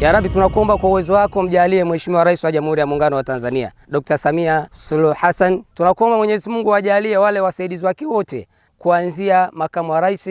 Ya Rabbi, tunakuomba kwa uwezo wako mjalie Mheshimiwa Rais wa Jamhuri ya Muungano wa Tanzania Dr. Samia Suluhu Hassan, tunakuomba Mwenyezi Mungu ajalie wale wasaidizi wake wote kuanzia makamu wa rais,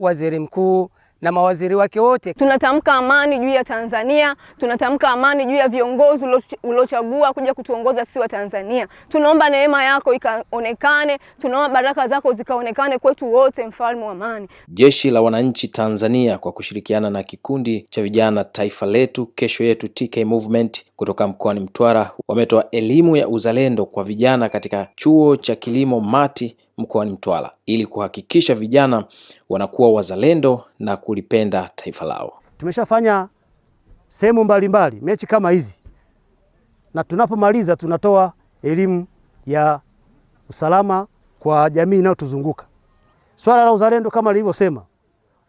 waziri mkuu na mawaziri wake wote. Tunatamka amani juu ya Tanzania, tunatamka amani juu ya viongozi uliochagua kuja kutuongoza sisi wa Tanzania. Tunaomba neema yako ikaonekane, tunaomba baraka zako zikaonekane kwetu wote, mfalme wa amani. Jeshi la Wananchi Tanzania kwa kushirikiana na kikundi cha vijana Taifa Letu Kesho Yetu TK Movement kutoka mkoani Mtwara wametoa elimu ya uzalendo kwa vijana katika chuo cha kilimo Mati mkoani Mtwara ili kuhakikisha vijana wanakuwa wazalendo na kulipenda taifa lao. Tumeshafanya sehemu mbalimbali mechi kama hizi, na tunapomaliza tunatoa elimu ya usalama kwa jamii inayotuzunguka. Swala la uzalendo kama lilivyosema,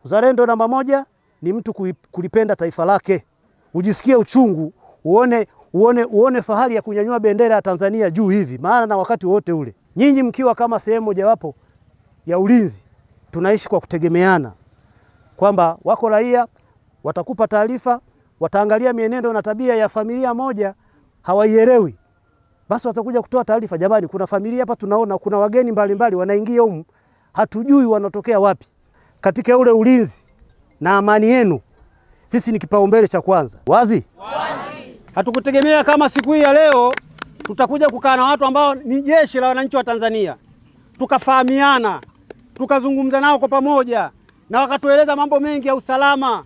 uzalendo namba moja ni mtu kulipenda taifa lake, ujisikie uchungu, uone uone, uone fahari ya kunyanyua bendera ya Tanzania juu hivi, maana na wakati wote ule nyinyi mkiwa kama sehemu mojawapo ya ulinzi, tunaishi kwa kutegemeana kwamba wako raia watakupa taarifa, wataangalia mienendo na tabia ya familia moja hawaielewi, basi watakuja kutoa taarifa, jamani, kuna familia hapa tunaona kuna wageni mbalimbali wanaingia humu, hatujui wanatokea wapi. Katika ule ulinzi na amani yenu, sisi ni kipaumbele cha kwanza. Wazi? wazi. Hatukutegemea kama siku hii ya leo tutakuja kukaa na watu ambao ni jeshi la wananchi wa Tanzania, tukafahamiana, tukazungumza nao kwa pamoja na wakatueleza mambo mengi ya usalama.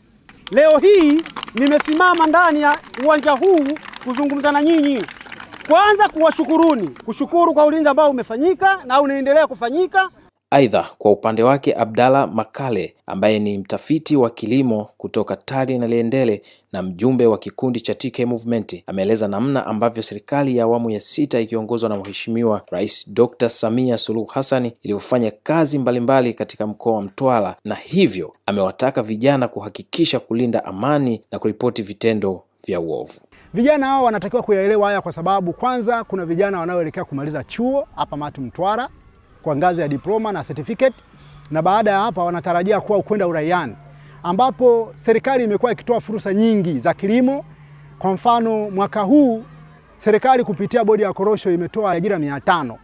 Leo hii nimesimama ndani ya uwanja huu kuzungumza na nyinyi, kwanza kuwashukuruni, kushukuru kwa ulinzi ambao umefanyika na unaendelea kufanyika Aidha, kwa upande wake Abdalla Makale ambaye ni mtafiti wa kilimo kutoka TARI liendele na mjumbe wa kikundi cha TK Movement ameeleza namna ambavyo serikali ya awamu ya sita ikiongozwa na Mheshimiwa Rais Dr. Samia Suluhu Hassan iliyofanya kazi mbalimbali mbali katika mkoa wa Mtwara, na hivyo amewataka vijana kuhakikisha kulinda amani na kuripoti vitendo vya uovu. Vijana hao wanatakiwa kuyaelewa haya, kwa sababu kwanza kuna vijana wanaoelekea kumaliza chuo hapa mati Mtwara kwa ngazi ya diploma na certificate, na baada ya hapa wanatarajia kuwa kwenda uraiani, ambapo serikali imekuwa ikitoa fursa nyingi za kilimo. Kwa mfano mwaka huu serikali kupitia bodi ya korosho imetoa ajira 500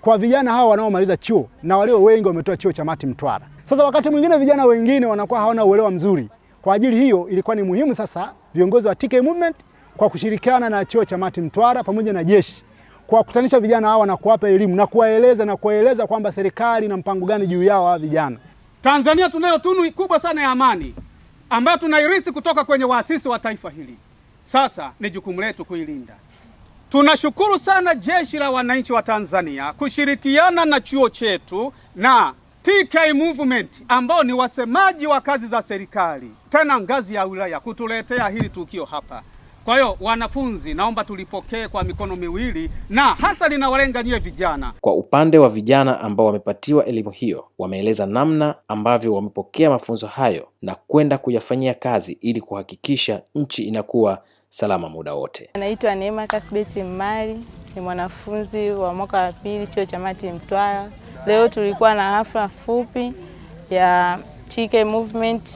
kwa vijana hao wanaomaliza chuo na walio wengi wametoa chuo cha Mati Mtwara. Sasa wakati mwingine vijana wengine wanakuwa hawana uelewa mzuri. Kwa ajili hiyo ilikuwa ni muhimu sasa viongozi wa TK Movement kwa kushirikiana na chuo cha Mati Mtwara pamoja na jeshi kuwakutanisha vijana hawa na kuwapa elimu na kuwaeleza na kuwaeleza kwamba serikali na mpango gani juu yao hawa vijana. Tanzania tunayo tunu kubwa sana ya amani ambayo tunairithi kutoka kwenye waasisi wa taifa hili. Sasa ni jukumu letu kuilinda. Tunashukuru sana Jeshi la Wananchi wa Tanzania kushirikiana na chuo chetu na TK Movement ambao ni wasemaji wa kazi za serikali tena ngazi ya wilaya kutuletea hili tukio hapa. Kwa hiyo wanafunzi, naomba tulipokee kwa mikono miwili, na hasa linawalenga nyie vijana. Kwa upande wa vijana ambao wamepatiwa elimu hiyo, wameeleza namna ambavyo wamepokea mafunzo hayo na kwenda kuyafanyia kazi ili kuhakikisha nchi inakuwa salama muda wote. Anaitwa Neema Kasbeti Mmali, ni mwanafunzi wa mwaka wa pili chuo cha Mati Mtwara. Leo tulikuwa na hafla fupi ya TK Movement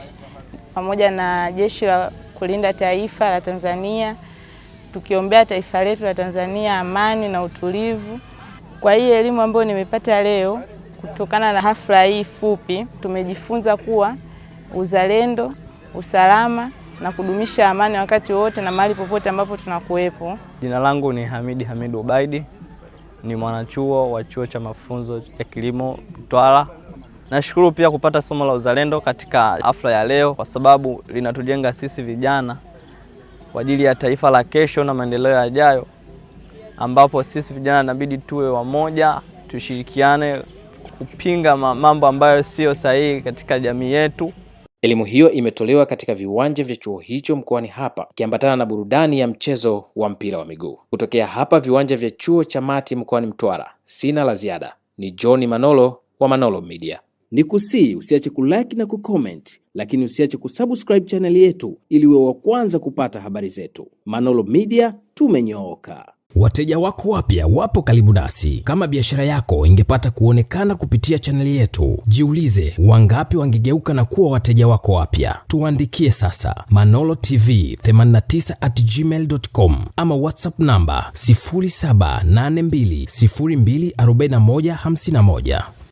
pamoja na jeshi la kulinda taifa la Tanzania, tukiombea taifa letu la Tanzania amani na utulivu. Kwa hii elimu ambayo nimepata leo kutokana na hafla hii fupi, tumejifunza kuwa uzalendo, usalama na kudumisha amani wakati wote na mahali popote ambapo tunakuwepo. Jina langu ni Hamidi hamidi Ubaidi, ni mwanachuo wa chuo cha mafunzo ya kilimo Mtwara. Nashukuru pia kupata somo la uzalendo katika hafla ya leo, kwa sababu linatujenga sisi vijana kwa ajili ya taifa la kesho na maendeleo yajayo, ambapo sisi vijana inabidi tuwe wamoja, tushirikiane kupinga mambo ambayo siyo sahihi katika jamii yetu. Elimu hiyo imetolewa katika viwanja vya chuo hicho mkoani hapa ikiambatana na burudani ya mchezo wa mpira wa miguu. Kutokea hapa viwanja vya chuo cha Mati mkoani Mtwara, sina la ziada. Ni John Manolo wa Manolo Media ni kusii usiache kulike na kucomment, lakini usiache kusubscribe chaneli yetu ili uwe wa kwanza kupata habari zetu. Manolo Media tumenyooka. Wateja wako wapya wapo karibu nasi. Kama biashara yako ingepata kuonekana kupitia chaneli yetu, jiulize wangapi wangegeuka na kuwa wateja wako wapya? Tuandikie sasa manolo tv 89 at ama whatsapp namba 0782024151.